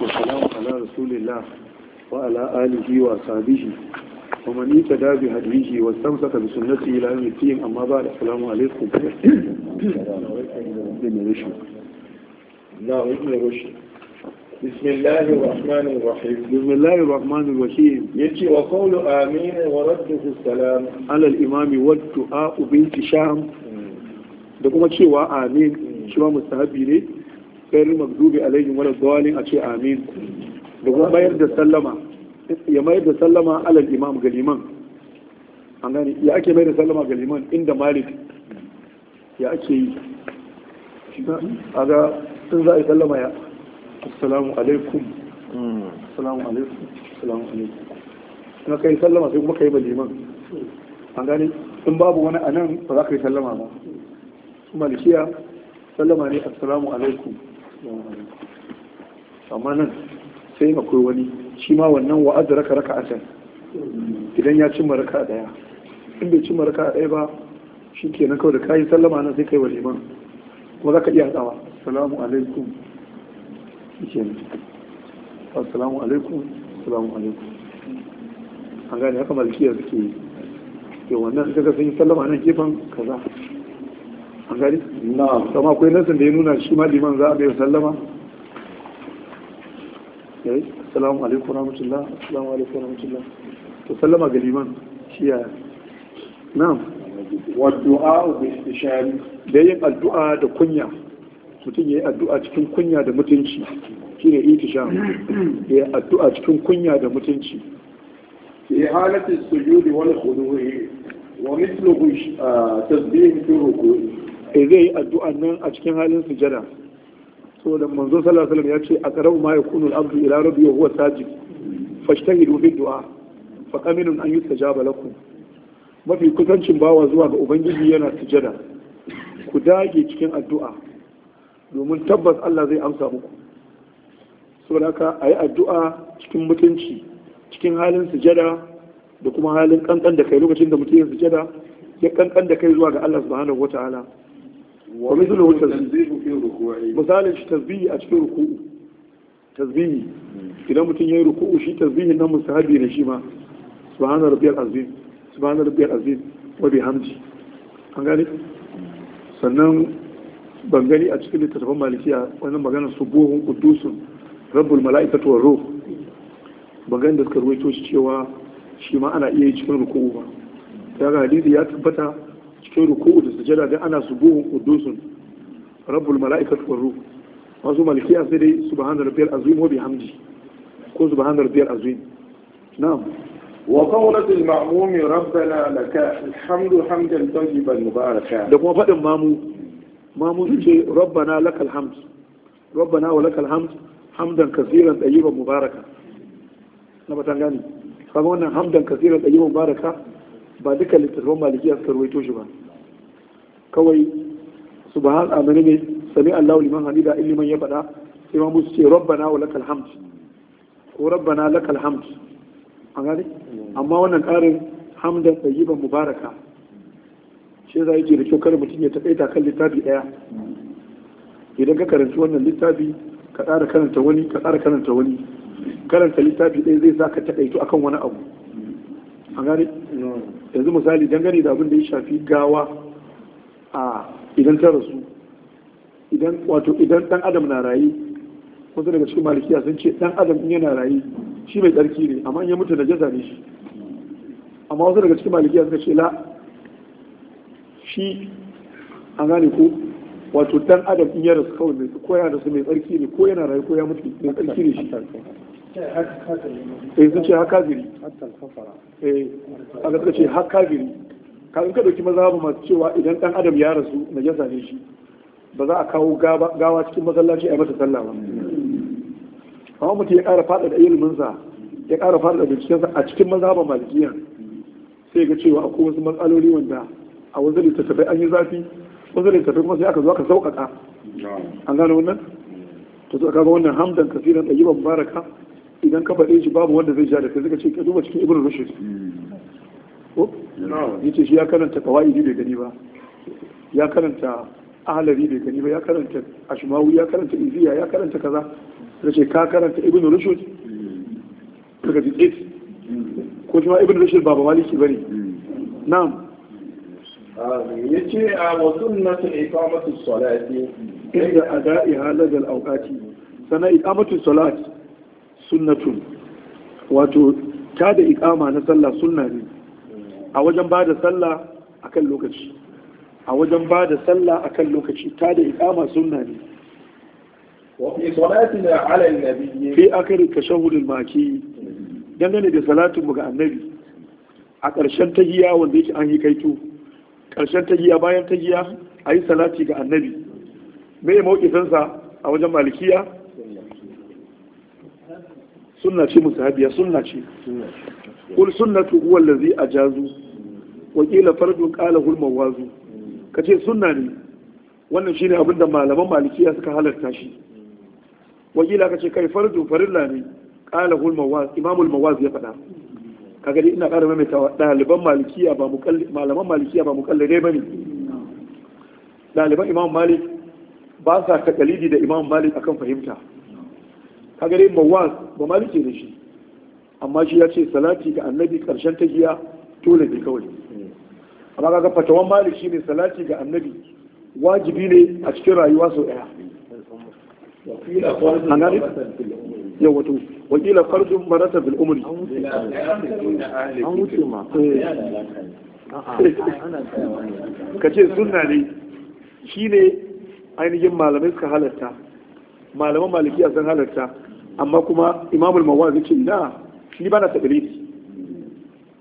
والصلاة والسلام على رسول الله وعلى آله وأصحابه ومن اهتدى بهديه واستمسك بسنته إلى يوم الدين أما بعد السلام عليكم بسم الله الرحمن الرحيم بسم الله الرحمن الرحيم يجي وقول آمين ورده السلام على الإمام والدعاء بالتشام da kuma cewa amin cewa mustahabi ne kairin magdubi alaihim wala dawalin a ce amin da kuma mayar da sallama ya mayar da sallama alal imam ga an gani ya ake mayar da sallama Galiman inda malik ya ake yi a ga sun za a yi sallama ya assalamu alaikum assalamu alaikum assalamu alaikum kuma kai sallama sai kuma kai ba liman an gani in babu wani anan ba za ka yi sallama ba su malikiya sallama ne assalamu alaikum amma nan sai akwai wani shi ma wannan raka raka a can idan ya cimma raka a daya in bai cimma raka a daya ba shi kenan kawai da kayi sallama nan sai kai wa liman kuma za ka iya hadawa assalamu alaikum shikenan assalamu alaikum assalamu alaikum an gane haka malkiya suke yi wannan kaga sun yi sallama nan gefen kaza gari? sama akwai nasin da ya nuna shi ma liman za a bai sallama? yayi eh, assalamu alaikum rahmatullah assalamu alaikum rahmatullah to sallama ga liman shi ya na'am wa du'a bi istishari da yin addu'a da kunya mutum ya yi addu'a cikin kunya da mutunci Shi ne shine ya yi addu'a cikin kunya da mutunci fi halati sujudi wal khudu'i wa mithluhu ah, tasbih fi ruku'i sai eh, zai yi addu'an nan a cikin halin sujada da manzo sallallahu alaihi ya ce a qara'u ma yakunu al-abdu ila rabbi wa huwa sajid fashtahidu fi du'a fa qaminun an yustajaba lakum mafi kusancin bawa zuwa ga ubangiji yana sujada ku dage cikin addu'a domin tabbas Allah zai amsa muku saboda a yi addu'a cikin mutunci cikin halin sujada da kuma halin kankan da kai lokacin da mutum ya sujada ya kankan da kai zuwa ga Allah subhanahu wataala ومثله mithluhu tasbihu fi ruku'i shi tasbihi a cikin ruku'u tasbihi idan mutum yayi ruku'u shi tasbihin nan musahabi ne shi ma subhana azim azim an gane sannan ban gani a cikin littattafan malikiya wannan maganar subuhun qudusun rabbul mala'ikatu war ruh ban gani da suka ruwaito shi cewa shi ma ana iya yi cikin ruku'u ba daga hadisi ya tabbata sai ruku'u da sujada dan ana subuhun qudusun rabbul mala'ikatu war ruh masu malikiya sai dai subhana rabbiyal azim wa bihamdi ko subhana rabbiyal azim na'am wa qawlatu al-ma'mum rabbana laka alhamdu hamdan tayyiban mubaraka da kuma fadin mamu mamu ce rabbana lakal hamd rabbana wa lakal hamd hamdan kaseeran tayyiban mubaraka na batan gani kaga wannan hamdan kaseeran tayyiban mubaraka ba duka littattafan malikiya suka ruwaito shi ba kawai subhan amani ne sami Allahu liman hamida in liman ya faɗa sai ma musu ce rabbana wa lakal hamd ko rabbana lakal hamd an gane amma wannan ƙarin hamdan tayyiban mubaraka shi zai ji da kyau kar mutum ya taƙaita kan littafi ɗaya idan ka karanci wannan littafi ka ƙara karanta wani ka ƙara karanta wani karanta littafi ɗaya zai sa ka taƙaito akan wani abu an gane yanzu misali dangane da abin da ya shafi gawa a idan ta rasu idan wato idan dan adam na rayu wanda daga cikin malikiya sun ce dan adam in yana rayu shi mai tsarki ne amma in ya mutu da jaza ne shi amma wasu daga cikin malikiya suka ce la shi an gane ko wato dan adam in ya rasu kawai ne ko ya rasu mai tsarki ne ko yana rayu ko ya mutu mai tsarki ne shi eh sun ce haka giri eh ga suka ce haka giri kafin ka dauki ba masu cewa idan dan adam ya rasu na jasa ne shi ba za a kawo gawa cikin masallaci a masa sallah ba amma mutum ya ƙara da ilminsa ya ƙara da bincikensa a cikin maza ba malikiya sai ga cewa akwai wasu matsaloli wanda a wasu littattafai an yi zafi wasu littattafai kuma sai aka zo aka sauƙaƙa an gane wannan to ka ga wannan hamdan kasiran ɗayyiban baraka idan ka faɗe shi babu wanda zai ja da kai suka ce ka duba cikin ibrahim rushd ko ce shi ya karanta kawai bai gani ba ya karanta ahalari bai gani ba ya karanta ashimawu ya karanta iziya ya karanta kaza ce ka karanta ibn rushd daga tsit hmm. ko kuma ibn rushd ba ba maliki bane hmm. na'am ce a wa sunnatu iqamatu salati inda ada'iha ladal awqati sana iqamatu salati sunnatun wato ta da ikama na sallah sunna ne a wajen ba da sallah akan lokaci a wajen ba da sallah akan lokaci ta da iqama sunna ne وفي صلاتنا على النبي في آخر التشهد الماكي dangane da salatin ga annabi a ƙarshen tahiya wanda yake an yi kaito ƙarshen ta giya, bayan ta giya, a yi salati ga annabi me ya mawukisansa a wajen malikiya sunna ce musahabiya sunna ce kul sunnatu huwa allazi ajazu wa qila fardu qala hul mawazu kace sunna ne wannan shine abinda malaman malikiya suka halarta shi wa qila kace kai fardu farilla ne qala hul mawaz imamul mawaz ya faɗa kaga dai ina ƙara maimaitawa ɗaliban malikiya ba malaman malikiya ba mukallade ba ne ɗaliban imam malik ba sa takalidi da imam malik akan fahimta kaga dai mawaz ba malike ne shi amma shi ya ce salati ga annabi karshen giya dole ne kawai amma ga fatawan malik shi ne salati ga annabi wajibi ne a cikin rayuwa sau daya yau wato wakila fardun marasa bil an wuce ma ka ce sunna ne shi ne ainihin malamai suka halarta malaman malikiya sun halarta amma kuma imamul mawaz ce na shi ba na taɓiris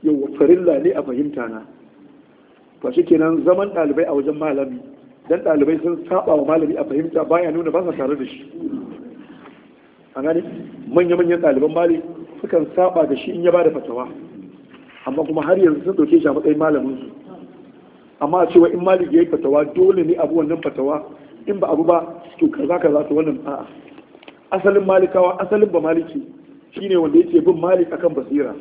yau farilla ne a fahimta na to shi kenan zaman ɗalibai a wajen malami dan ɗalibai sun saba wa malami a fahimta baya nuna ba sa tare da shi a gani manya-manyan ɗaliban mali sukan saba da shi in ya ba da fatawa amma kuma har yanzu sun ɗauke shi a matsayin malamin su amma a cewa in mali ya yi fatawa dole ne abu wannan fatawa in ba abu ba to kaza kaza to wannan a'a asalin malikawa asalin ba maliki ne wanda yake bin malik akan basira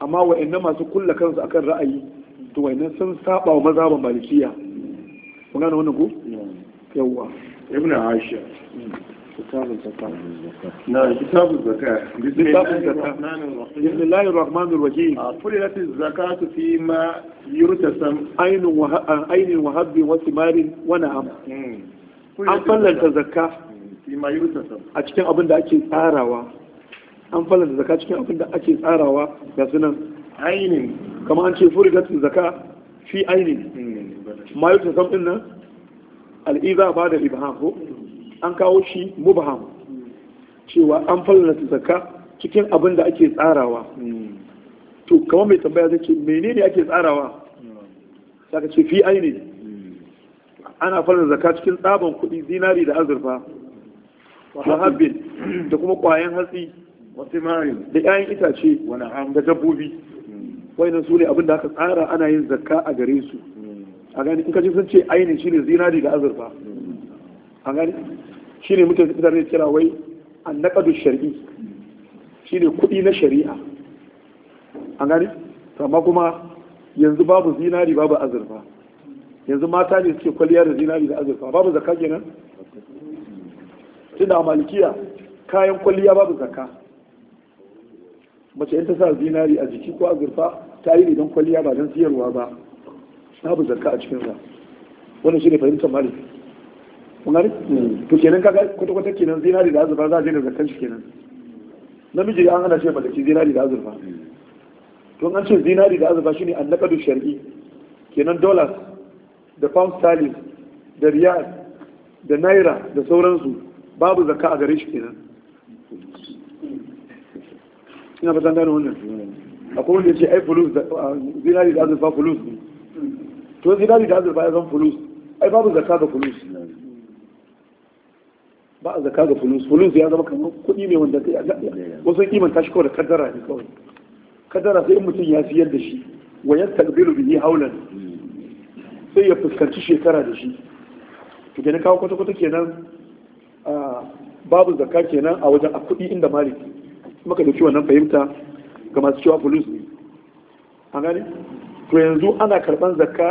amma wa'annan masu kulla kansu akan ra'ayi to wa'annan sun saba wa mazhaban malikiya Kuna gane wannan ko yawa ibnu aisha kitabun zakka na kitabun zakka kitabun zakka bismillahir rahmanir rahim furilat zakatu fi ma yurtasam ainun wa ainin wa habbin wa simarin wa na'am hmm. an fallanta zakka a cikin abin da ake tsarawa an falanta zaka cikin abin da ake tsarawa ga sunan ainin kama an ce furigatun zaka fi ainin ma yi tasam din nan al'iza ba da ibham ko an kawo shi mubham cewa an falanta zaka cikin abin da ake tsarawa hmm. to kama mai tambaya zai ce menene ake tsarawa saka ce fi ainin hmm. ana falanta zaka cikin tsaban kuɗi zinari da azurfa wa habbin da kuma ƙwayan hatsi da 'ya'yan itace da dabbobi Wai su ne abin da aka tsara ana yin zakka a gare su a gani in ka ji sun ce ainihin shine zinari da azurfa a gani shine fitar ne kira wai annaqadu shar'i shine kuɗi na shari'a a gani amma kuma yanzu babu zinari babu azurfa yanzu mata ne suke kwalliya da zinari da azurfa babu zakka kenan tunda a malikiya kayan kwalliya babu zakka mace in ta sa zinari a jiki ko a zurfa ta yi idan kwalliya ba don siyarwa ba babu zakka a cikin sa wannan shine fahimtar malik kun gani hmm. to kenan kaga kwata kwata kenan zinari da azurfa za a daina zakkan shi kenan namiji an hana shi ya mallaki zinari da azurfa to an ce zinari da azurfa shine annaqadu shar'i kenan dollars da pound sterling da riyal da naira da sauransu babu zakka a gare shi kenan ina fatan gano wannan akwai wanda ya ce ai fulus ah, zinari da azurfa fulus ne to zinari da azurfa ya zan fulus ai babu zaka ga fulus ba a zaka ga fulus fulus ya zama kamar kuɗi ne wanda wasu ta shi kawai da kaddara ne kawai kaddara sai in mutum ya siyar da shi wa ya tagbiru bihi haulan sai ya fuskanci shekara da shi to kenan kawo kwata-kwata kenan ah, babu zaka kenan a wajen a kuɗi inda maliki maka da wannan fahimta ga masu cewa fulus ne A gani to yanzu ana karban zakka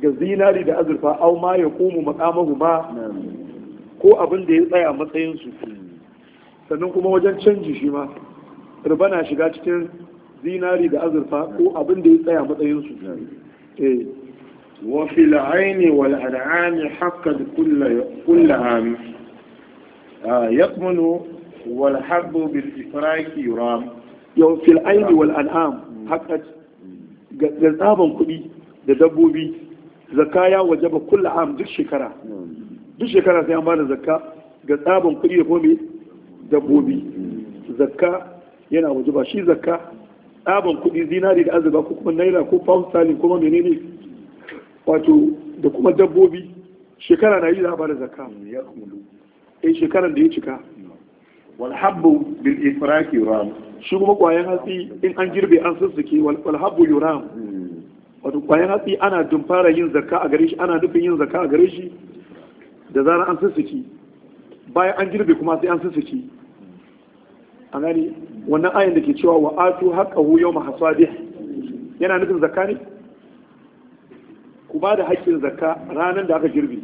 ga zinari da azurfa au ma ya komu makamahu ma ko abin da ya tsaya matsayin su sannan kuma wajen canji shi ma riba na shiga cikin zinari da azurfa ko abin da ya tsaya matsayin su eh wa fil aini wal an'ami haqqan kullaha ah, yaqmunu wal habbu bil ifraqi yuram yau fil aini wal an'am haqqat ga tsaban kuɗi da dabbobi zakka ya wajaba kullu am duk shekara duk shekara sai an bada zakka ga tsaban kuɗi da kuma kome dabbobi zakka yana wajaba shi zakka tsaban kuɗi zinari da azuba ko kuma naira ko pound sterling kuma menene wato da kuma dabbobi shekara na yi za a bada zakka mm, ya kumulu eh shekaran da ya cika mm. wal habbu bil ifraq yuram shi kuma kwayan hatsi in an girbe an sussuke wal habbu yuram hmm. wato kwayan hatsi ana dumfara yin zakka a gare shi ana nufin yin zakka a gare shi da zarar an sussuke bayan an girbe kuma sai an sussuke a gani wannan ayin da ke cewa wa atu haqqahu yawma hasadih yana nufin zakka ne ku ba da haƙƙin zakka ranar da aka girbe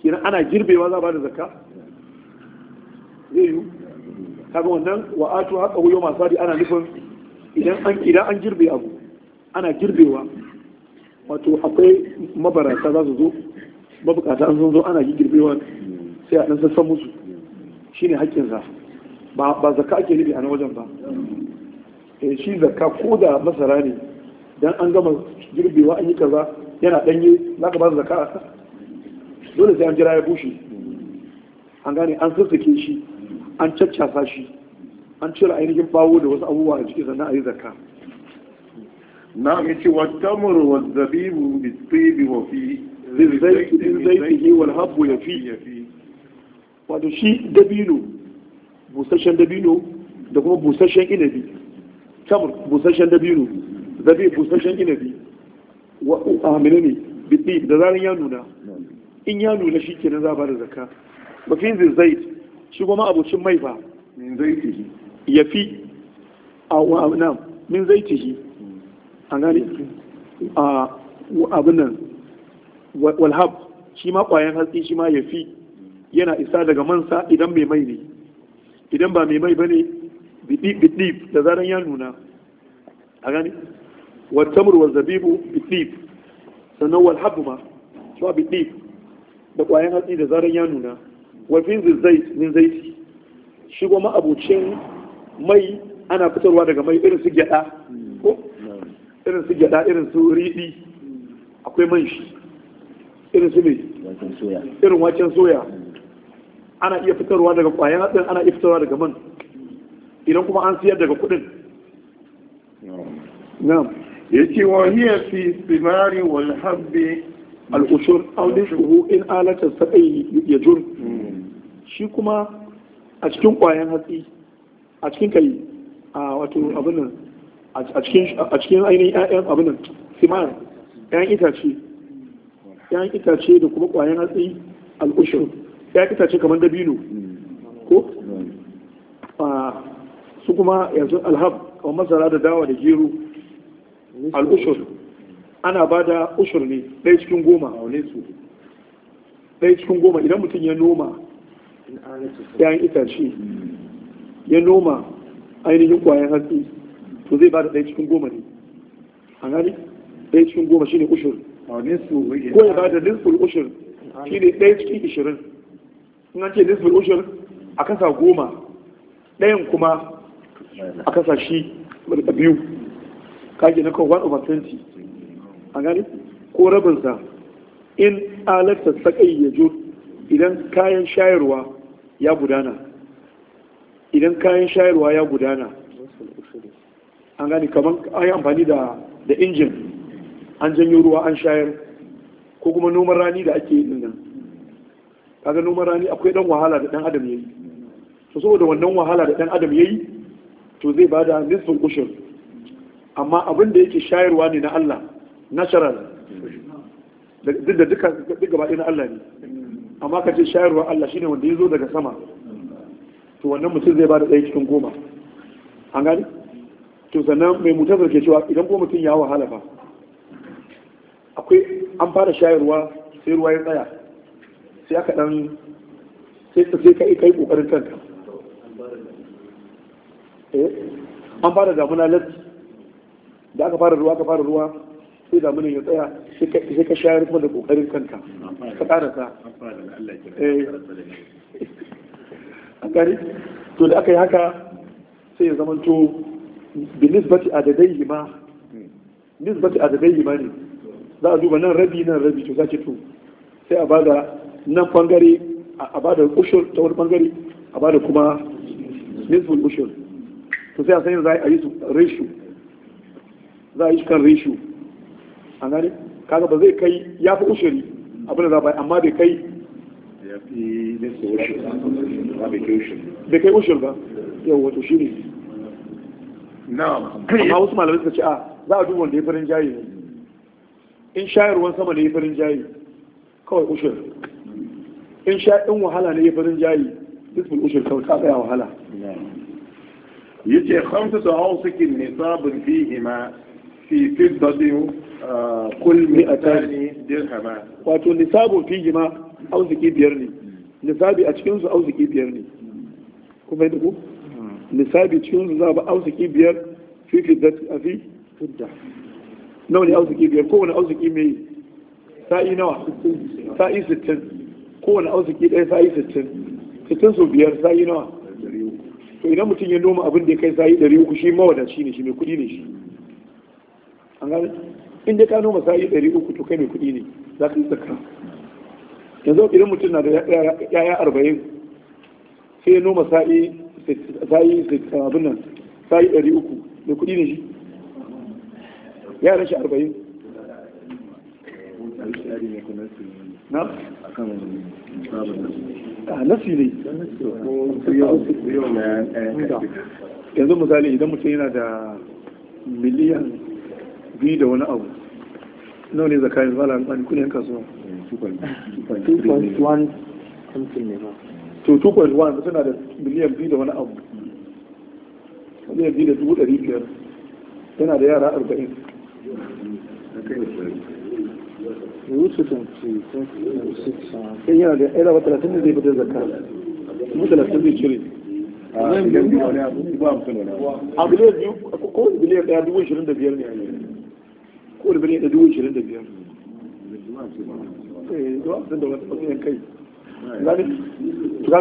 Kina ana girbewa za a ba da zakka zai yi kaga wannan wa atu haka wuyo masu hadi ana nufin idan an kira an girbe abu ana girbewa wato akwai mabarata za su zo mabukata an sun zo ana girbewa sai a dan sassan musu shine haƙƙin za ba zaka ake nufi a wajen ba e shi zaka ko da masara ne dan an gama girbewa an yi kaza yana ɗanye za zaka ba ka dole sai an jira ya bushe an gane an sassake shi an caccasa shi an cire ainihin bawo da wasu abubuwa a ciki sannan a yi zakka na ya ce wa tamar wa zabibu bi tsibi wa fi zaifihi wal habbu ya fi wato shi dabino busasshen dabino da kuma busasshen inabi tamar busasshen dabino zabi busasshen inabi wa amina ne bi da zarin ya nuna in ya nuna shi kenan za a ba da zakka ba fi zai shi goma abocin mai fa min zaitihi ya fi a wa'anan min zaitihi a gane a abin nan walhab shi ma kwayan hatsi shi ma ya fi yana isa daga mansa idan mai mai ne idan ba mai mai ba ne bitlif da zaren ya nuna a gani wattamur wa zabibu bitlif sannan Walhab ma shi bitlif da kwayan hatsi da zaren ya nuna wafin zai min zaiti shi goma abucin mai ana fitarwa daga mai irin su gyada ko irin su gyada irin su riɗi akwai man shi irin su mai irin waken soya ana iya fitarwa daga kwayan hatsin ana iya fitarwa daga man idan kuma an siyar daga kuɗin na'am ce wa hiya fi tsimari wal habbi al-ushur shuhu in alata ya yajur hmm. shi kuma a cikin ƙwayan hatsi a cikin kai a wato abin nan a cikin ainihin 'ya'yan abin nan simar 'ya'yan itace 'ya'yan itace da kuma ƙwayan hatsi al'ushin 'ya'yan itace kamar dabino ko su kuma yanzu alhab kamar masara da dawa da gero al'ushin ana ba da ushur ne ɗaya cikin goma ɗaya cikin goma idan mutum ya noma ‘ya'yan itace ya noma ainihin kwayan hatsi to zai bada ɗaya cikin goma ne a gani ɗaya cikin goma shine ushur ko ya bada da nisful ushur shine ɗaya cikin ishirin in an ce nisful ushur a kasa goma ɗayan kuma a kasa shi biyu kage na kan 1 over 20 a gani ko rabinsa in alexa sakai ya jo idan kayan shayarwa ya gudana idan kayan shayarwa ya gudana an gani kamar an yi amfani da injin an janyo ruwa an shayar ko kuma noman rani da ake yi nan kaga noman rani akwai dan wahala da dan adam yayi to saboda wannan wahala da dan adam yayi to zai bada nisfin kushin amma abin da yake shayarwa ne na Allah natural da duka duk gaba na Allah ne amma ka ce shayarwa Allah shine wanda ya zo daga sama to wannan mutum zai bada ɗaya cikin goma an gani to sannan mai mutar ke cewa idan goma mutum ya wahala ba akwai an fara shayarwa sai ruwa ya tsaya sai aka dan sai ka sai kai kai kokarin kanka eh an fara damuna lati da aka fara ruwa aka fara ruwa sai damunan ya tsaya sai ka shayar kuma da kokarin kanka ka karasa eh. a gari to da aka yi haka sai ya zama to bi nisbati adadai ma nisbati adadai ma ne za a duba nan rabi nan rabi to zaki to sai a bada nan bangare a bada ushur ta wani bangare a bada kuma nisbul ushur to sai a sanya za a yi su reshu za a yi shi kan reshu a gani kaga ba zai kai ya fi ushiri abin da bai amma bai kai bai kai ushiri ba yau wato shi ne amma wasu malamai suka ce a za a duba wanda ya farin jayi in shayarwan sama ne ya farin jayi kawai ushir in sha in wahala ne ya farin jayi ismul ushir kawai ka tsaya wahala yace khamsatu awsikin nisabun fihima fi fiddatin kul mi'atani dirhama wato nisabun fihi ma auziki biyar ne nisabi a cikinsu su auziki biyar ne kuma yadda ku hmm. nisabi cikin su za ba auziki biyar fi fiddati a fi fidda nawa ne auziki biyar kowane auziki mai sa'i nawa sa'i sittin kowane auziki ɗaya sa'i sittin sittin su biyar sa'i nawa to idan mutum ya noma abin da ya kai sa'i ɗari uku shi mawadaci ne shi mai kuɗi ne shi an gane in dai ka noma sa'i ɗari uku to kai mai kuɗi ne za ka yi zakka yanzu idan mutum na da yaya arba'in sai ya noma sa'i sa'i abin nan sa'i ɗari uku mai kuɗi ne shi yaran shi arba'in na? a nasi ne yanzu misali idan mutum yana da miliyan biyu da wani abu nawa ne zakarin bala alfani kudin kasuwa 2.1 to 2.1 suna da miliyan biyu da wani abu miliyan biyu da dubu ɗari biyar yana da yara arba'in wuce eh, yana da eh, yana ba talatin da zai fitar zaka, mu talatin zai cire ah, abu ne biyu ko biliyan ɗaya dubu ishirin da biyar ne a kowane birni da dubu da biyar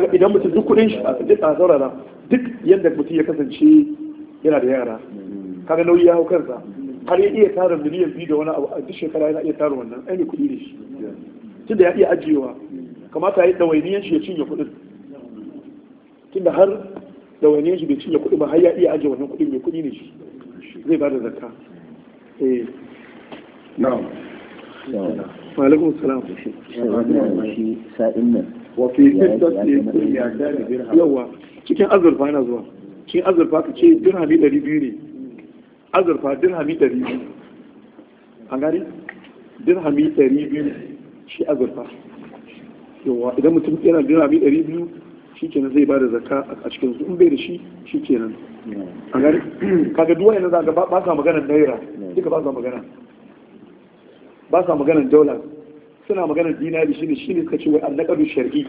eh, idan mutum duk kudin shi a saurara duk yadda mutum ya kasance yana da yara kaga nauyi ya hau kansa har ya iya tara miliyan biyu da wani abu a duk shekara yana iya tara wannan ainihin kuɗi ne shi tunda ya iya ajiyewa kamata ya yi ɗawainiyan shi ya cinye kuɗin tunda har ɗawainiyan shi bai cinye kuɗin ba har ya iya ajiye wannan kuɗin mai kuɗi ne shi zai ba da zakka eh. na'am wa alaikum salam shi sa'in nan yawa cikin azurfa yana zuwa cikin azurfa ka ce dirhami biyu ne azurfa dirhami 200 an gani dirhami 200 shi azurfa yawa idan mutum yana dirhami 200 shi kenan zai bada zakka a cikin su in bai da shi shi kenan a gari kaga duwaye na zaga ba sa magana naira duka ba sa magana ba sa maganar daula suna maganar dinari shine shine suka ce wai annaqadu shar'i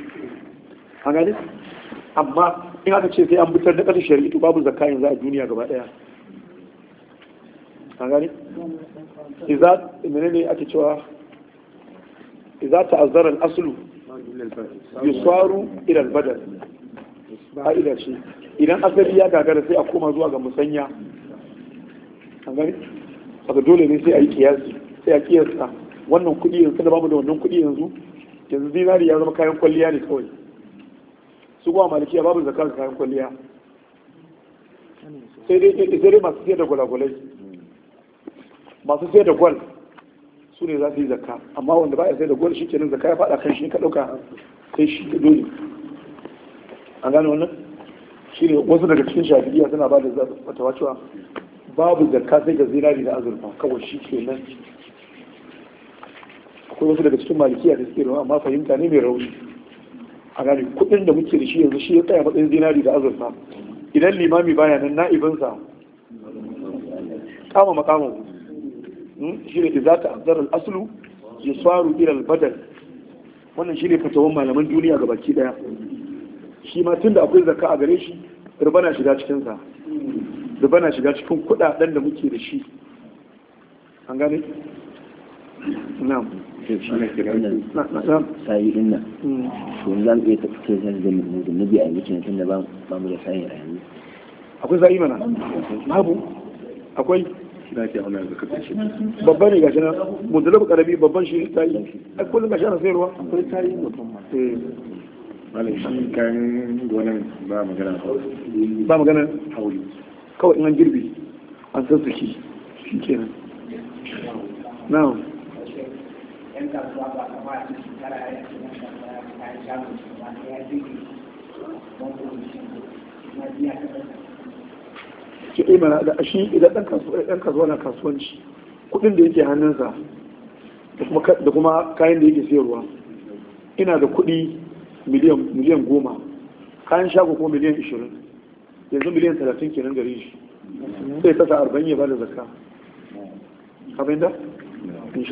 an gani amma in aka ce sai an fitar da ƙasar to babu zakka yanzu a duniya gaba ɗaya an gani iza menene ake cewa iza ta'azzara al-aslu yusaru ila al-badal fa'ida shi idan asali ya gagara sai a koma zuwa ga musanya an gani saka dole ne sai a yi kiyasi sai a kiyasta wannan kuɗi yanzu da bamu da wannan kuɗi yanzu yanzu zinari ya zama kayan kwalliya ne kawai su kuma ya babu zakar kayan kwalliya sai dai ke eh, dai masu siyar da gwalagwalai masu siyar da gwal su ne za su yi zakka amma wanda ba ya sai da gwal shi kenan zakka ya faɗa kan shi ka ɗauka sai shi ka dole an gane wannan shi ne wasu daga cikin shafiya suna ba da fatawa cewa babu zakka sai ga zinari da azurfa kawai shi kenan akwai wasu daga cikin malikiya da suke rawa amma fahimta ne mai rauni a gane kuɗin da muke da shi yanzu shi ya tsaya matsayin zinari da azurfa idan limami baya nan na'ibinsa kama makamu hmm, shi ne za ta azar al'asulu ya faru irin badal wannan shi ne fatawan malaman duniya ga baki daya shi ma tun da akwai zakka a gare shi rubana shiga cikinsa rubana shiga cikin kuɗaɗen da muke da shi an gane? na'am sa'ihin nan to za zan zama mu da nabi a yankin tun da ba mu da sa'i a yanzu akwai sa'i mana babu akwai babban ne gashi nan mudalabu karabi babban shi ta yi a kullum gashi ana sayarwa akwai ta yi eh. malam shi kayan gonan ba magana ba magana hauli kawai in an girbi an sassaki shi kenan na'am kasuwa a ya da da kuma kayan da yake sayarwa ina da kudi miliyan goma kayan shago ko miliyan ishirin yanzu miliyan talatin kenan gare shi sai kasa arba'in ya ba da zaka abinda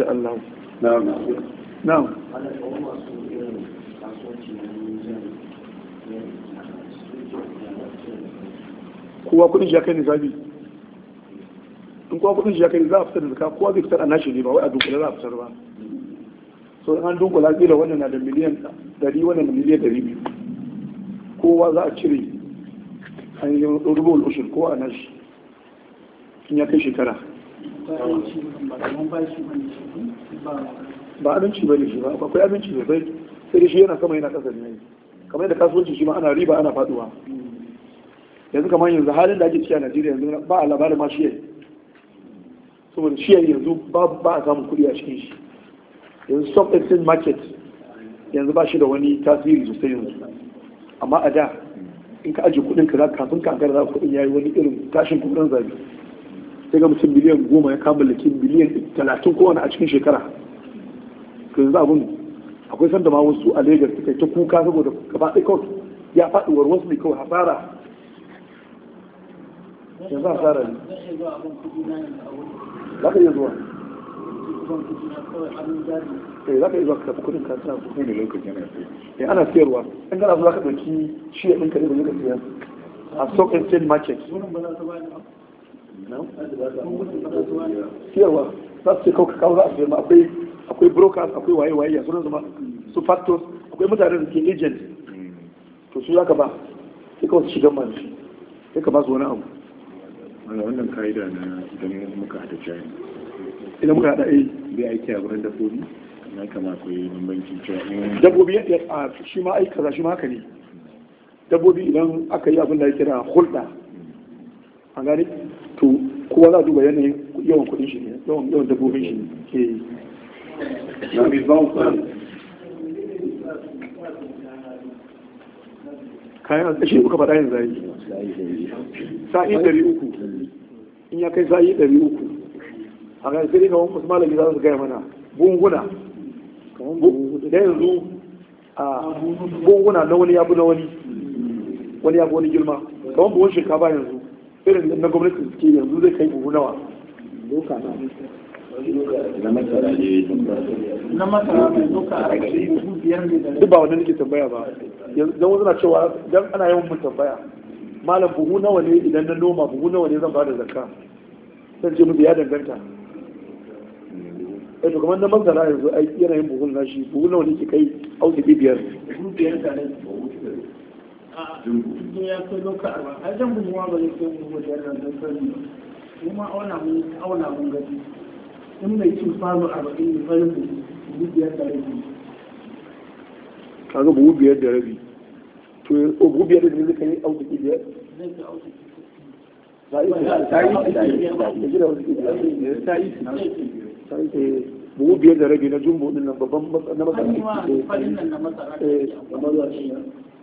Allah na'am na'am kowa kudin shi ya kai nisabi in kowa kudin shi ya kai za a fitar da zaka kowa zai fitar a nashi ne ba wai a dunkula za a fitar ba so an dunkula da wannan na da miliyan dari wannan da miliyan dari biyu kowa za a cire an yi rubo kowa a nashi in ya kai shekara ba abinci bane shi ba akwai abinci sosai sai da shi yana sama yana kasa ne kamar yadda kasuwanci shi ma ana riba ana faduwa yanzu kamar yanzu halin da ake ciki a Najeriya yanzu ba a labarin ma shi saboda shi yanzu ba a samun kuɗi a cikin shi yanzu stock exchange market yanzu ba shi da wani tasiri sosai yanzu amma a da in ka ajiye kuɗin ka za kafin kankara za kuɗin yayi wani irin tashin kuɗin zabi sai ga mutum biliyan goma ya kama lakin biliyan talatin kowane a cikin shekara to yanzu abin akwai sanda ma wasu a lagos suka ta kuka saboda gaba ɗaya kawai ya faɗi war wasu ne kawai hasara yanzu hasara ne za ka iya zuwa eh za ka iya zuwa ka kudin ka sa su ne lokacin yana eh, ana siyarwa in kana su za ka ɗauki shi ya ɗinka ne da zai ka siya a stock exchange market siyarwa za su ce kawai kawo za a siyar ma akwai akwai brokers akwai waye waye ya sunan zama su factors akwai mutanen da ke agent to su zaka ba sai kawai su shiga mani sai ka ba su wani abu wannan ka'ida na idan muka hada jayi idan muka hada eh bai aiki a wurin dabbobi na kama akwai bambanci cewa dabbobi ya shi ma aika za shi ma haka ne dabbobi idan aka yi abin da ya kira hulɗa an gane kowa za a duba yanayin yawan kudin shi ne yawan yawan dabbobin shi ke yi na kayan alƙashi kuka faɗa yin zai sa'i ɗari uku in ya kai sa'i ɗari uku a ga sai ga wasu malami za su gaya mana bunguna da yanzu a bunguna na wani ya na wani wani ya wani girma kawon buwan shirka shinkafa yanzu irin na gwamnati da suke kai nawa ne a ana yawan mun tambaya malam buhu nawa ne idan na noma buhu nawa ne zan bada zakka sai ce musu ya danganta eh to kamar na masara yanzu ai yin buhun nashi buhu nawa ne ke kai auki biyar buhu biyar da ne Jumbu. Ya kai doka arba. Har jambu ma ba zai kai mu wajen da don sani. Mu ma auna mun auna gani. In mai cin falo arba'in ne farin mu buhu biya da rabi. Kaga buhu biya da rabi. To buhu biya da rabi kai kai auduki wani Zai kai auduki. Ta yi ta yi ta yi buhu biyar da rabi na jumbo din nan babban na masara.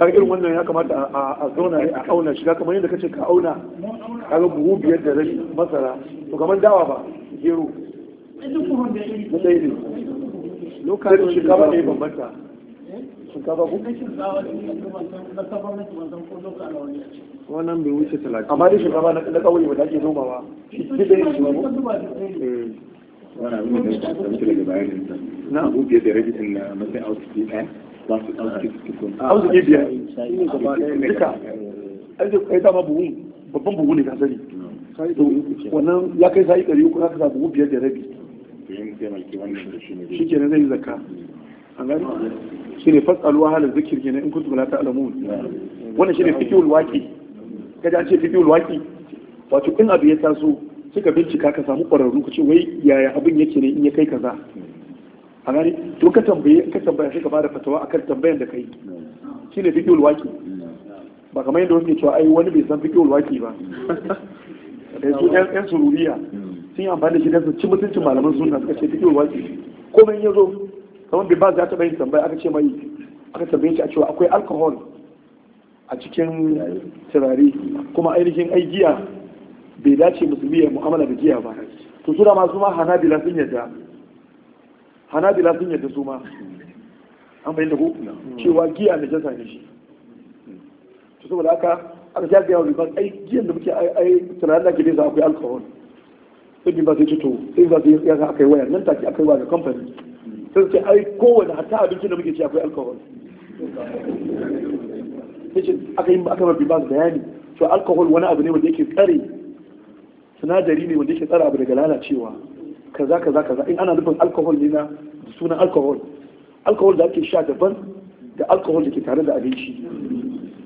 kaga irin wannan ya kamata a zauna a auna shiga kamar yadda kace ka auna kaga buhu biyar da rashi masara to kamar dawa ba gero na ɗaya ne lokacin shinkafa shinkafa da ake shi ɗaya na abu da na matsayin ba su arziki biyar duka arziki ya dama buhun babban buhu ne ka sani wannan ya kai sa'i ɗari uku za ka sa buhu biyar da rabi shi kenan zai yi zakka an gani shi ne fasalu ahalar zikir kenan in kuntum la ta'lamun wannan shi ne fikiul waqi kaje an ce fikiul waqi wato in abu ya taso suka bincika ka samu ƙwararru ka ce wai yaya abin yake ne in ya kai kaza a gani to ka tambaye ka tambaya shi ka bada fatawa akan tambayan da kai shine fiqhul waqi ba kamar yadda wani cewa ai wani bai san fiqhul waqi ba da su ɗan ɗan sururiya sun yi amfani da shi don su ci mutuncin malaman suna suka ce fiqhul waqi komai ya zo kamar bai ba za ta bayin tambaya aka ce mai aka tambaye shi a cewa akwai alcohol a cikin turare kuma ainihin ai giya bai dace musulmi ya mu'amala da giya ba to su da masu ma hanabila sun yadda hanabila sun yadda su ma an bayyana ko cewa giya da jasa ne shi to saboda haka aka ja ga yawon ai giyan da muke ai tunanin da ke nesa akwai alkohol ibn ba sai ce to sai ba sai ya akai waya nan take akai waya ga kamfani sai ce ai kowanne hatta abinci da muke ci akwai alkohol sai ce aka yi aka mafi ba su bayani to alkohol wani abu ne wanda yake tsare sinadari ne wanda yake tsare abu daga lalacewa kaza kaza kaza in ana nufin alkohol ne na sunan alkohol alkohol da ake sha daban da alkohol da ke tare da abinci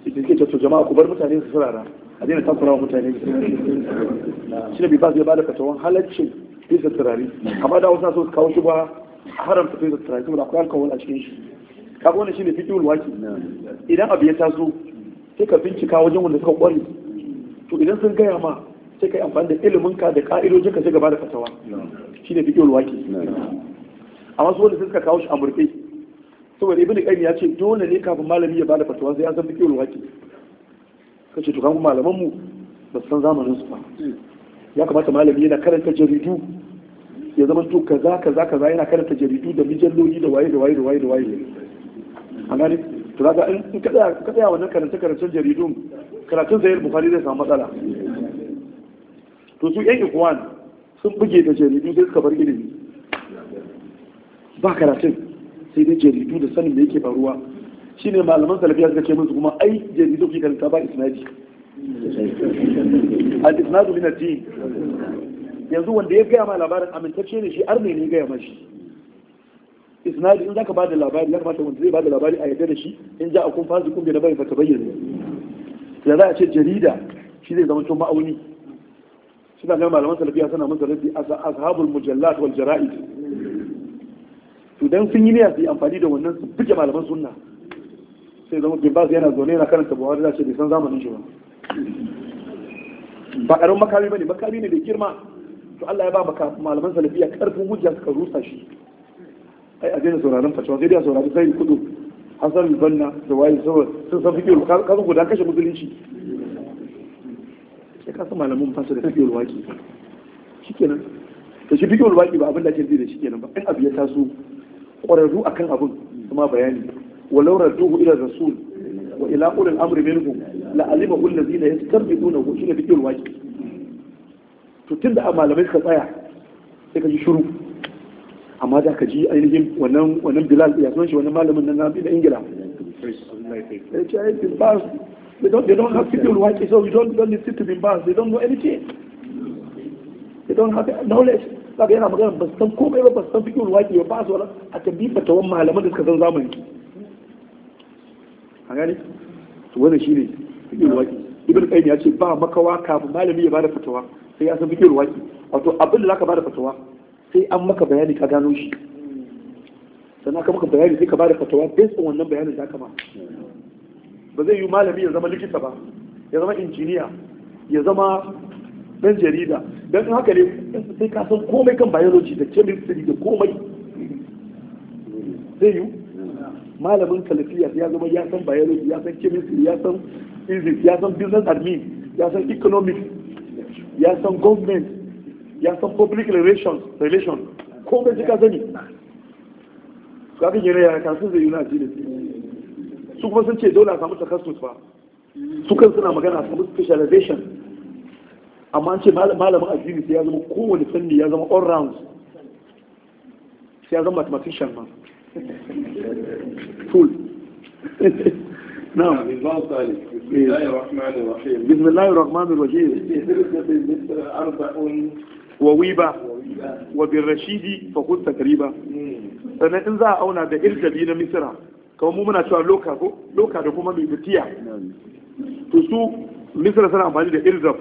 ita ke tattu jama'a ku bar mutane su sarara a daina takura wa mutane shi ne bibas ya bada fatawan halaccin fesa turare amma da wasu so su kawo shi ba haramta fesa turare saboda akwai alkohol a cikin shi kaga wannan shine fiqhul waki idan abu ya taso sai ka bincika wajen wanda suka kware to idan sun gaya ma sai ka yi amfani da iliminka da ka'idojin ka sai gaba da fatawa shine fiqhul waqi amma su wanda suka kawo shi a murfi saboda ibini qayyim ya ce dole ne kafin malami ya bada fatawa sai an san fiqhul waqi ka to tukan malaman mu ba san zamanin su ba ya kamata malami yana karanta jaridu ya zama to kaza kaza kaza yana karanta jaridu da mijalloli da waye da waye da waye da waye an gani to kaga in ka tsaya wannan karanta karatun jaridun karatun zayyar bukhari zai samu matsala to su yan ikwan sun buge da jaridu sai suka bar ilimi ba karatun sai dai jaridu da sanin da yake faruwa shine malaman salafiya suka ce musu kuma ai jaridu ke karanta ba isnadi al isnadu min ad yanzu wanda ya gaya ma labarin amintacce ne shi arne ne ya gaya ma shi isnadi in zaka ba da labari ya kamata wanda zai ba da labari a yarda da shi in ja a kun fasu kun bai da bai fata bayyana ya za a ce jarida shi zai zama to ma'auni suna ga malaman salafiya suna mun zarafi ashabul mujallat wal jara'id to dan sun yi niyya su yi amfani da wannan su buge malaman sunna sai zama bin basu yana zaune yana karanta buhari da ce bai san zamanin shi ba ba karin makami bane makami ne da girma to Allah ya ba maka malaman salafiya karfin hujja suka rusa shi ai a jini sauraron fashewa sai dai a saurari sai kudu hasan banna da wayi sun san fikiru kasan guda kashe musulunci sai ka san malamin fasa da fiƙe ulwaƙi shikenan da shi fiƙe ulwaƙi ba abin da ake zai da shikenan ba in abu ya taso ƙwararru kan abin kuma bayani Wa walau radduhu ila rasul wa ila ulil amri minhum la alima allazina yastarbidunahu shine fiƙe ulwaƙi to tun da a malamai suka tsaya sai ka ji shiru amma da ka ji ainihin wannan bilal ya sunan shi wannan malamin nan na ingila ya ce ya They don't, they don't have people like so we don't, don't listen to be embarrassed. They don't know anything. They don't have knowledge. Kaga yana magana ba san komai ba ba san fikin ruwaki ba ba su wala a tabi fatawan malaman da suka san zamani. A gani? To wannan shi ne fikin ruwaki. Ibn Qayyim ya ce ba makawa kafin malami ya bada fatawa sai ya san fikin ruwaki. Wato abin da zaka bada fatawa sai an maka bayani ka gano shi. Sannan ka maka bayani sai ka bada fatawa based on wannan bayanin da aka ma. ba zai yi malami ya zama likita ba ya zama injiniya ya zama dan jarida don haka ne sai ka san komai kan biology da chemistry da komai zai yi malamin kalifiya ya zama ya san biology ya san chemistry ya san physics ya san business admin ya san economics ya san government ya san public relations relations komai ka sani yi yana ya kasu zai yi na ajiyar su kuma sun ce dole a samu takasus ba su kan suna magana a samu specialization amma an ce malamin addini sai ya zama kowane fanni ya zama all round sai ya zama mathematician ma full نعم بسم الله الرحمن الرحيم وويبا وبالرشيد فقلت تقريبا sannan in za a auna da na misira kamar mu muna cewa loka ko loka da kuma mai mutiya to su misira suna amfani da irdab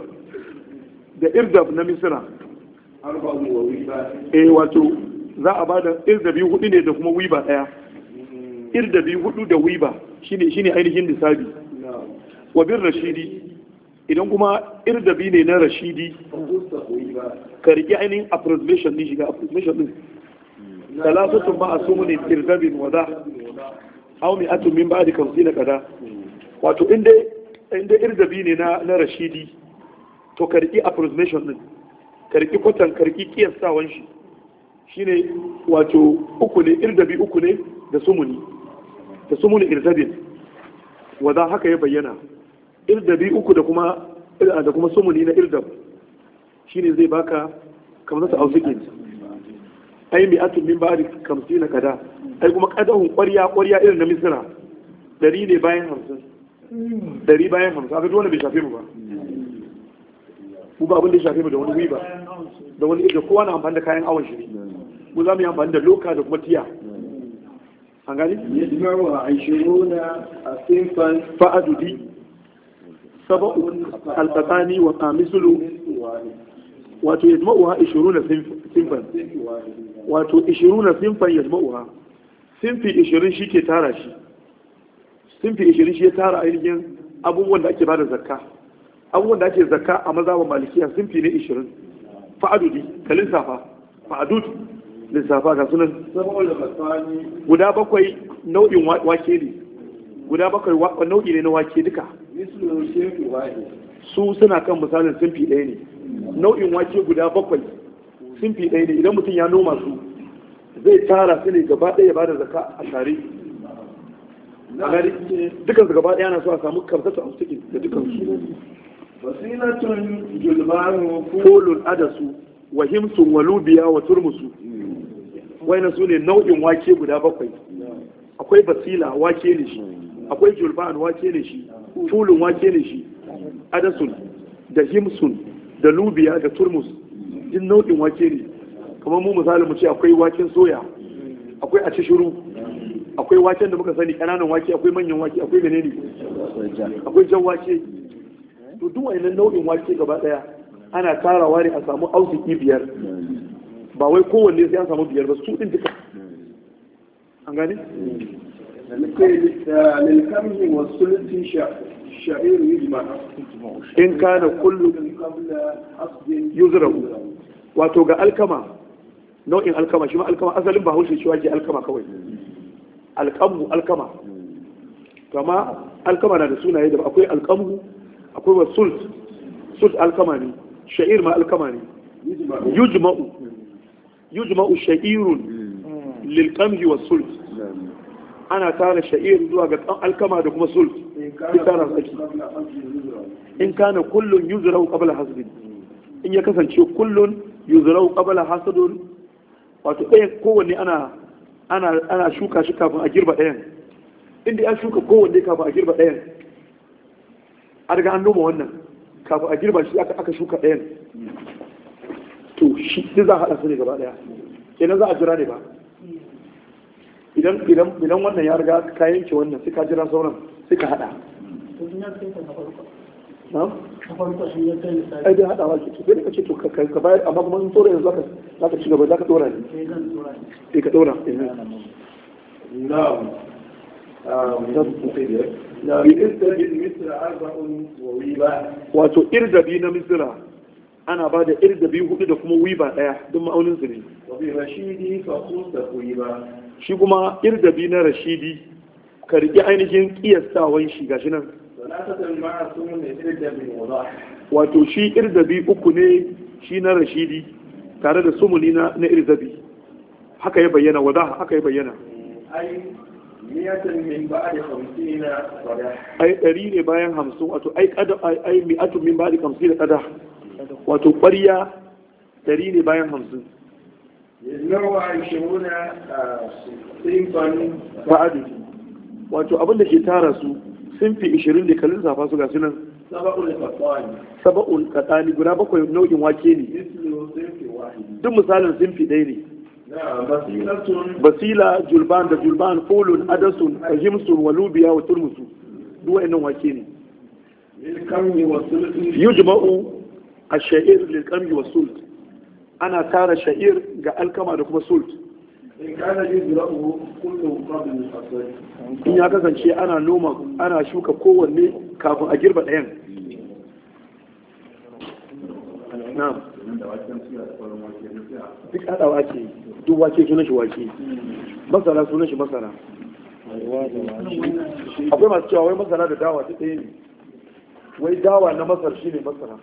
da irdab na Misira. eh wato za a ba da irdabi hudu ne da kuma wiba daya irdabi hudu da wiba shine shine ainihin nisabi wa bin rashidi idan kuma irdabi ne na rashidi ka riƙi ainihin approximation din shiga approximation din talatatun ba a sumu ne irdabin wada Au mi atu min ba'di kamsina kada wato inda dai irzabi ne na na rashidi to karki approximation din karki kwatan karki kiyasawan shi shine wato uku ne irzabi uku ne da sumuni da sumuni irzabin wadda haka ya bayyana irzabi uku da kuma da kuma sumuni na Shi shine zai baka kamar sa auzikin ai mi atun min bari kamtina kada ai kuma kadahun ƙwarya ƙwarya irin na misira ɗari ne bayan hamsin ɗari bayan hamsin abin wanda bai shafe mu ba mu ba abin da shafe mu da wani wiba da wani da kowa na amfani da kayan awon shi mu za mu yi amfani da loka da kuma tiya an gani? yadda wa ashiruna a sinfan fa'adudi al alƙasani wa kamisulu wato yadda ma'uwa ishuruna sinfan wato 20 sinfan yajma'uha sinfi 20 shi ke tara shi sinfi 20 shi ya tara ainihin abubuwan da ake bada zakka abubuwan da ake zakka a mazaban malikiya sinfi ne 20 fa'adudi ka lissafa fa'adud lissafa ga sunan guda bakwai nau'in wake ne guda bakwai nau'i ne na wake duka su suna kan misalin sinfi ɗaya ne nau'in wake guda bakwai sinfi ɗaya ne idan mutum ya noma su zai tara su ne gaba ɗaya ya bada zaka a tare dukkan su gaba ɗaya na so a samu kamsata a cikin da dukansu. su wasilatun julbanu kolun adasu wa himsun walubiya wa turmusu waina su ne nau'in wake guda bakwai akwai basila wake ne shi akwai julban wake ne shi tulun wake ne shi adasun da himsun da lubiya da turmusu in nau'in wake ne kamar mu misali mu ce akwai waken soya akwai a shiru akwai waken da muka sani kananan wake akwai manyan wake akwai ne akwai jan wake to duk wannan nau'in wake gaba daya ana tara ne a samu auki biyar ba wai kowanne sai an samu biyar ba su din duka an gane للكم كان كل wato ga alkama nau'in alkama shi ma alkama asalin ba haushe shi wake alkama kawai alkamu alkama to alkama na da sunaye da akwai alkamu akwai wa sult sult alkama ne sha'ir ma alkama ne yujma'u yujma'u sha'irun lil qamhi wa sult ana tara sha'ir zuwa ga alkama da kuma sult in kana kullun yuzra qabla hasbin in ya kasance kullun yuzrau kabala hasadun wato ɗayan kowanne ana ana shuka shi kafin a girba ɗayan inda an shuka kowanne kafin a girba ɗayan a daga an noma wannan kafin a girba shi aka shuka ɗayan to shi duk za a haɗa su ne gaba ɗaya kenan za a jira ne ba idan wannan ya riga ka yanke wannan sai ka jira sauran sai ka haɗa ai dai haɗawa ke ce sai ka ce to ka bayar amma kuma in tsora yanzu za ka ci gaba za ka tsora ne eh, sai eh, ka tsora eh. na'am wato irdabi na misira ana ba da irdabi hudu da kuma wiba daya don ma'aunin su ne shi kuma irdabi na rashidi ka riƙi ainihin ƙiyastawan shi gashi nan wato shi irzabi uku ne shi na rashidi tare da sumuni na irzabi haka ya bayyana wada haka ya bayyana ai ɗari ne bayan hamsin wato ai kada ai mi'atu min da hamsin da kada wato ƙwarya ɗari ne bayan hamsin wato abin da ke tara su sinfi ishirin da kalin zafa su gasu nan Saba'un katsani guda bakwai nau'in wake ne duk misalin sinfi ɗaya ne basila julban da julban folon adasun ahimsun walubiya wa turmusu duk inan wake ne jima'u a sha'ir lilkambi wa sult ana tara sha'ir ga alkama da kuma sult in ya kasance ana noma ana shuka kowanne kafin a girba ɗayan duk haɗa wake duk wace suna shi wace masara sunan shi masara akwai masu cewa wai masara da dawa ta ɗaya ne wai dawa na masar shi ne masara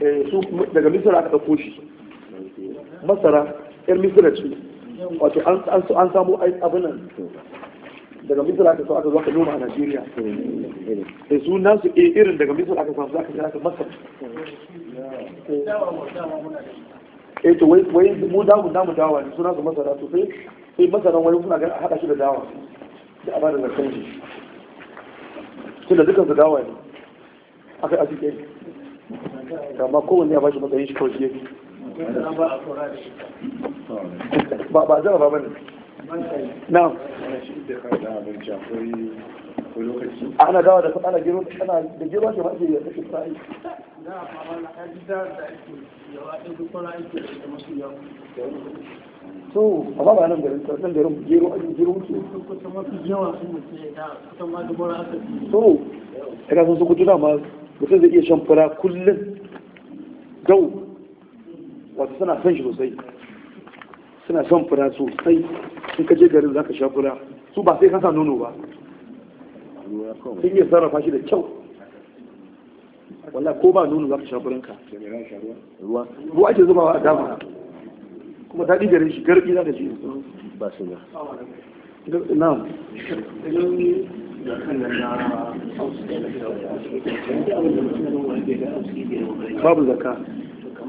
eh, daga misira aka ɗauko shi masara yar misira ce wato an samu abin nan daga misira aka so aka zo ka noma a najeriya da su nasu eh, e irin daga misira aka samu aka jira ka masa eh to wai wai mu damu mu dawa ne suna masa masara to sai sai masaran wani kuna ganin a hada shi da dawa da a da zakan shi tunda dukan su dawa ne aka asike amma kowanne ya bashi matsayin shi kawai ba ba ba ana dawa da da ke ya sa'i so ba garin garin a gero muke so daga sun su mutum zai iya shan fura kullum wasu suna son shi sosai suna son fura sosai in ka je garin za ka sha fura su ba sai ka sa nono ba sun iya sarrafa shi da kyau wallah ko ba nono za ka sha furanka ruwa ruwa ake zubawa a dama kuma daɗi garin shi garbi za ka ji ba su ba babu zaka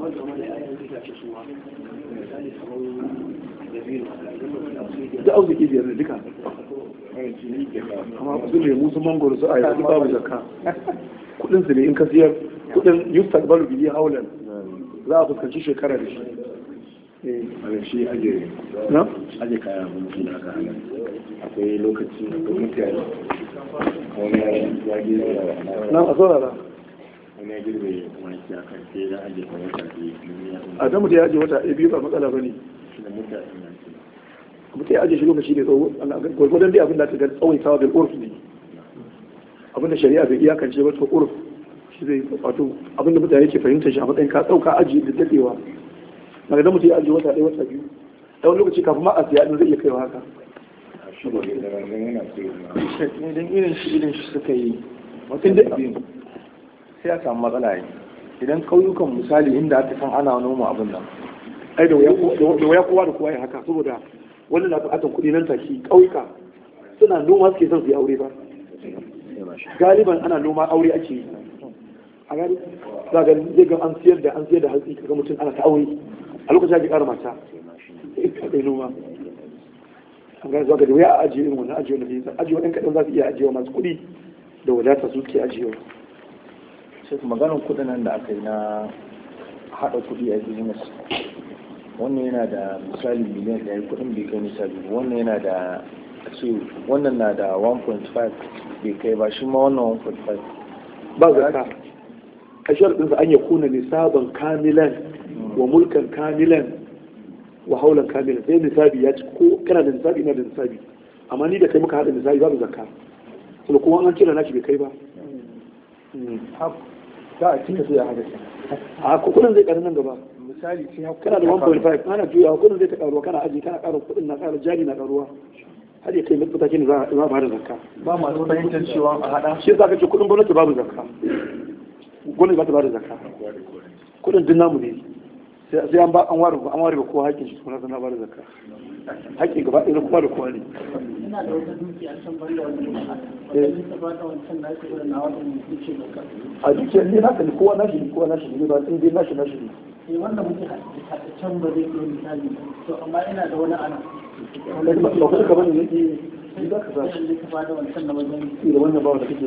kamar da ne duka mangoro su a yanzu babu zakka kudin su in ka siyar kudin yustak balu biyi haulan za a fuskanci shekara da kaya eh. mun na ka Adamu da ya ajiye wata ɗaya biyu ba matsala ba ne. Mutum ya aje shi lokaci ne tsawo, gwargwadon dai abin da ta tsawaitawa bil urf ne. Abin da shari'a bai iyakance ba to urf shi zai wato abin da mutane ke fahimta shi a matsayin ka tsauka aji da dadewa. Daga da mutum ya ajiye wata ɗaya wata biyu. Tsawon lokaci kafin ma a siya ɗin zai iya kaiwa haka. Idan irin shi irin shi suka yi. Wata sai a samu matsala yi idan ƙauyukan misali inda aka san ana noma abin nan ai da waya kowa da kowa ya haka saboda wani na buƙatar kuɗi nan take kauyuka suna noma suke son su yi aure ba galiban ana noma aure ake yi a gari za ga zai ga an siyar da an siyar da hatsi kaga mutum ana ta aure a lokacin ake ƙara mata sai noma an gani zuwa ga da waya a ajiye irin wannan ajiyewar da bai ajiyewa ɗan kaɗan za su iya ajiyewa masu kuɗi da wadata su ke ajiyewa shek maganin kudin nan da aka yi na hada kudi a business wannan yana da misali miliyan ɗaya kudin bai kai misali wannan yana da ce wannan na da 1.5 bai kai ba shi ma wannan 1.5 ba zaka a sharɗin an yi kuna sabon kamilan wa mulkan kamilan wa haulan kamilan sai misali ya ci ko kana da misali ina da misali amma ni da kai muka haɗa nisabi babu zakka kuma an cire naki bai kai ba za a cika doya a kuɗin zai nan gaba misali sai kana da 1.5 ana juya kuɗin zai ta ƙaruwa kana aji kana ƙara kuɗin na na ƙaruwa har ya kai za a ba da zakka ba ma zo fahimtar cewa a hada shi za ka ce kuɗin ba ta ba da zakka kuɗin duk namu ne sai an ba an ware an ware kowa haƙƙin shi kuma sana ba da zakka haƙƙin gaba ɗaya kowa da kowa ne ina da wata dukiya bari da wani ba eh. wancan na shi na wata ce a ne kowa na ne kowa ne ba dai ne wanda muke can ba zai yi misali to amma ina da wani ana ba ku ka ne eh. na wajen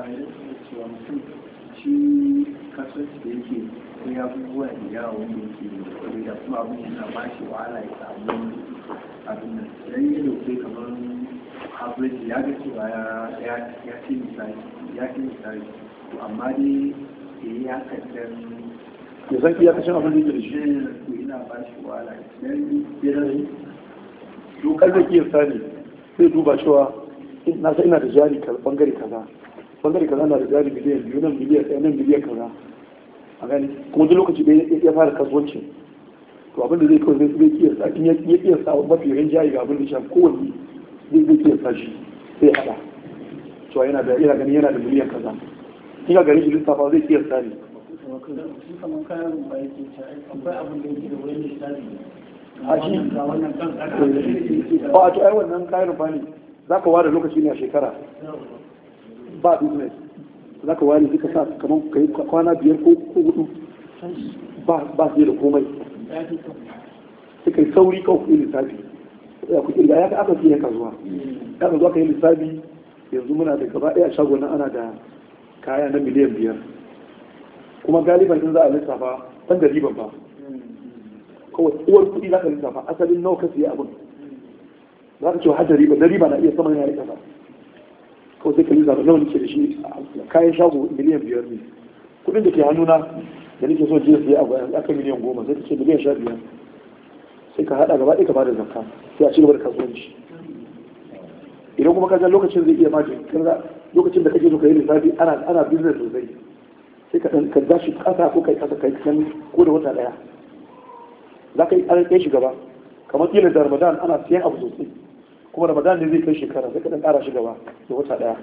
eh, da shi kasuwanci da yake ya abubuwa da yawa wanda yake kwallo da kuma abin da na bashi wahala ya samu abin nan dan ya lokai kamar average ya ga cewa ya ce misali ya ce misali to amma dai da ya kaddar da zan iya kashin abin da yake shi eh, to ina bashi wahala ya yi dokar da ke sani sai duba cewa na san ina da jari bangare kaza bangare kaza na da gari miliyan biyu nan miliyan ɗaya nan miliyan kaza a gani kuma duk lokaci da ya fara kasuwanci to abin da zai kawai zai zai kiyasta in ya kiyasta mafi rinjaye ga abin da shafi kowanne zai zai kiyasta shi sai hada to yana da yana ganin yana da miliyan kaza in ga shi lissafa zai kiyasta ne a shi a wannan kayan rufani za ka ware lokaci ne a shekara ba business za ka ware zika sa kamar ka kwana biyar ko hudu ba su da komai su kai sauri kawo kuɗin lissafi ya kuɗi da ya ka aka fiye kasuwa ya ka zuwa ka yi lissafi yanzu muna da gaba ɗaya shagon nan ana da kaya na miliyan biyar kuma galiban sun za a lissafa ban da riban ba kawai uwar kuɗi za ka lissafa asalin nawa ka siya abin za ka ce wa hajjar riba da riba na iya sama yana yi ba ko sai ka yi zaɓa nawa nake da shi kayan shago miliyan biyar ne kuɗin da ke hannuna da nake so jiya sai a aka miliyan goma sai ka ce miliyan sha biyar sai ka haɗa gaba ɗaya ka bada zakka sai a ci gaba da kasuwanci idan kuma ka ga lokacin zai iya majin kaza lokacin da kake so ka yi lissafi ana ana business sosai sai ka ka zashi ƙasa ko kai kasa kai kan ko da wata ɗaya za ka yi an kai shi gaba kamar kila da Ramadan ana siyan abu sosai kuma ramadan ne zai kai shekara zai kaɗan ƙara shi gaba da wata ɗaya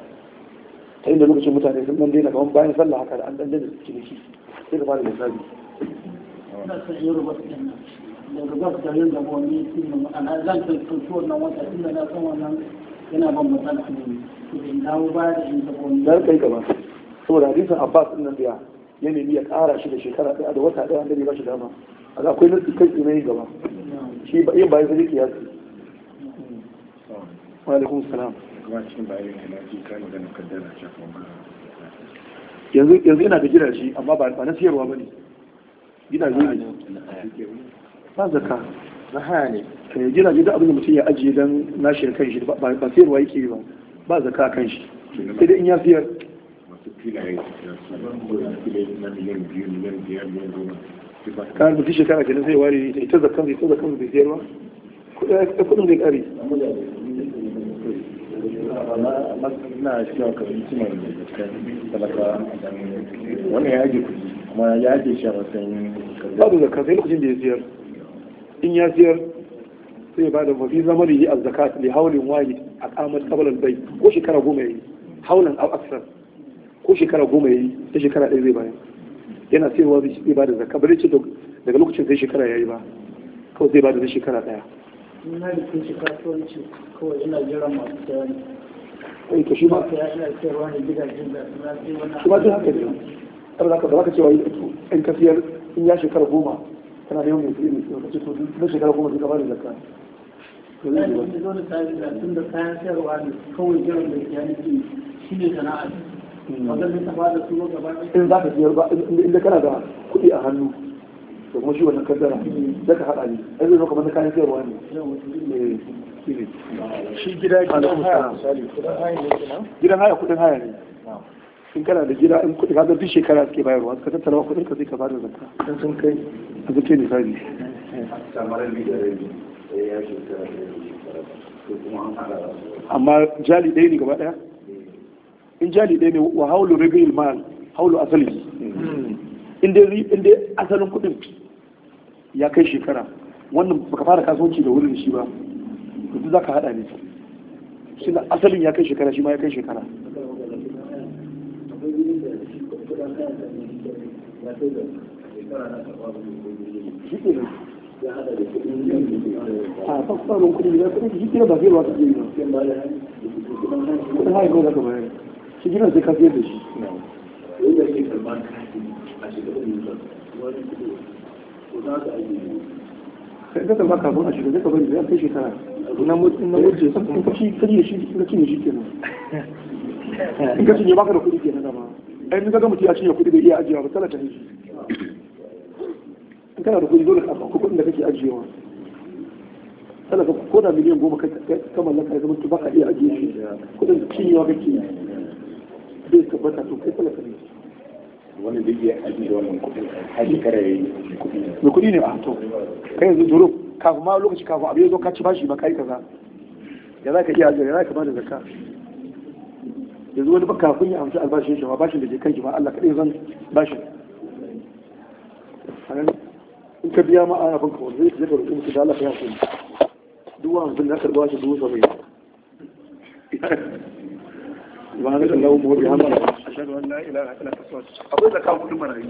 ta inda lokacin mutane sun ɗan daina kamar bayan sallah haka da an ɗan daina ciniki sai ka fara lissafi. da rubar da yin gaba wani filin ma'ana zan tuntu wannan wata na san wannan yana ban matsala ne in dawo baya da in gaba wani. kai gaba saboda hadisin Abbas ɗin nan biya ya nemi ya ƙara shi da shekara ɗaya da wata ɗaya da bai ba shi dama. Akwai nasi kai tsinai gaba. Shi ba yin bayan sai kiyasi. wa salam yanzu yana da gidaje amma ba na siyarwa ba ne gidaje ne ba zaka na haya ne kai eh, gidaje da abin da mutum ya ajiye don nashi kan shi ba siyarwa yake ba ba zaka kan shi sai dai in ya siyar kan mutum shekara kenan sai ware ita zakan zai ita zakan zai siyarwa kudin zai kare na cewa ka zuci mai talaka wannan ya ake kuɗi kuma ya ake shi a matsayin babu zakka sai lokacin da ya siyar in ya siyar sai ba da mafi zamani yi a azzaka li haulin wahid a kamar kabalan bai ko shekara goma yayi haulan au aksar ko shekara goma ya yi, ta shekara ɗaya zai bayar yana sayarwa zai ba da zakka ba zai ce daga lokacin sai shekara ya yi ba kawai zai ba da shekara ɗaya. Ina da kun shi kasuwanci kawai ina jiran masu sayarwa sai to shi ma shi ma duk haka ne saboda haka ba za ka cewa in ka siyar in ya shekara goma kana neman mai sirri sai ka ce to na shekara goma sai ka bada zakka to zai yi ba tun da kayan sayarwa ne kawai jiran da ya nufi shi ne sana'a in za ka siyar ba inda kana da kuɗi a hannu da kuma shi wannan kaddara zaka haɗa ne ai zai zo kamar na kayan sayarwa ne shi gida haya haya kudin haya ne in kana da gida in kudi kaga duk shekara suke bayarwa ka tattara kudin ka sai ka bada zakka dan sun kai a zace ne sai amma jali ne gaba in jali ne wa haulu mal haulu asali in dai asalin kudin ya kai shekara wannan baka fara kasuwanci da wurin shi ba to duk hada ne asalin ya kai shekara shi ma ya kai shekara a tsakanin kudi da kudi shi kira ba zai ba ka ba kudin ka bayar shi gina da shi kashi a shekaru ne wani kudi ko za ka sai ka ba kafin a shiga zai ka bari zai kai shekara na mutum na wuce sun kuma shi kari da shi na cinye shi kenan in ka cinye baka da kuɗi kenan dama ai in ka ga mutum ya cinye kuɗi da iya ajiyewa ba talata ne in kana da kuɗi dole ka kuɗin da kake ajiyewa ka, ko da miliyan goma ka mallaka ya zama baka iya ajiye shi kuɗin cinyewa kake bai tabbata to kai talaka ne wannan duk ya haji da wannan kuɗin haji kare kuɗi ne kuɗi ne ba to kai yanzu duro kafin ma lokaci kafin abin zo ka ci bashi ba kai kaza ya za ka iya ajiyar ya za ka ba da zakka yanzu wani baka kun yi amsa albashin shi ba bashin da ke kanki ba Allah kaɗai zan bashin in ka biya ma ana banka wanda zai ka roƙi musu da Allah ka yafe ni duk wani abin da aka ba shi dubu saba'in ba na da lawo mawabi hamara ashhadu an la ilaha illa anta akwai zakka kudin marayu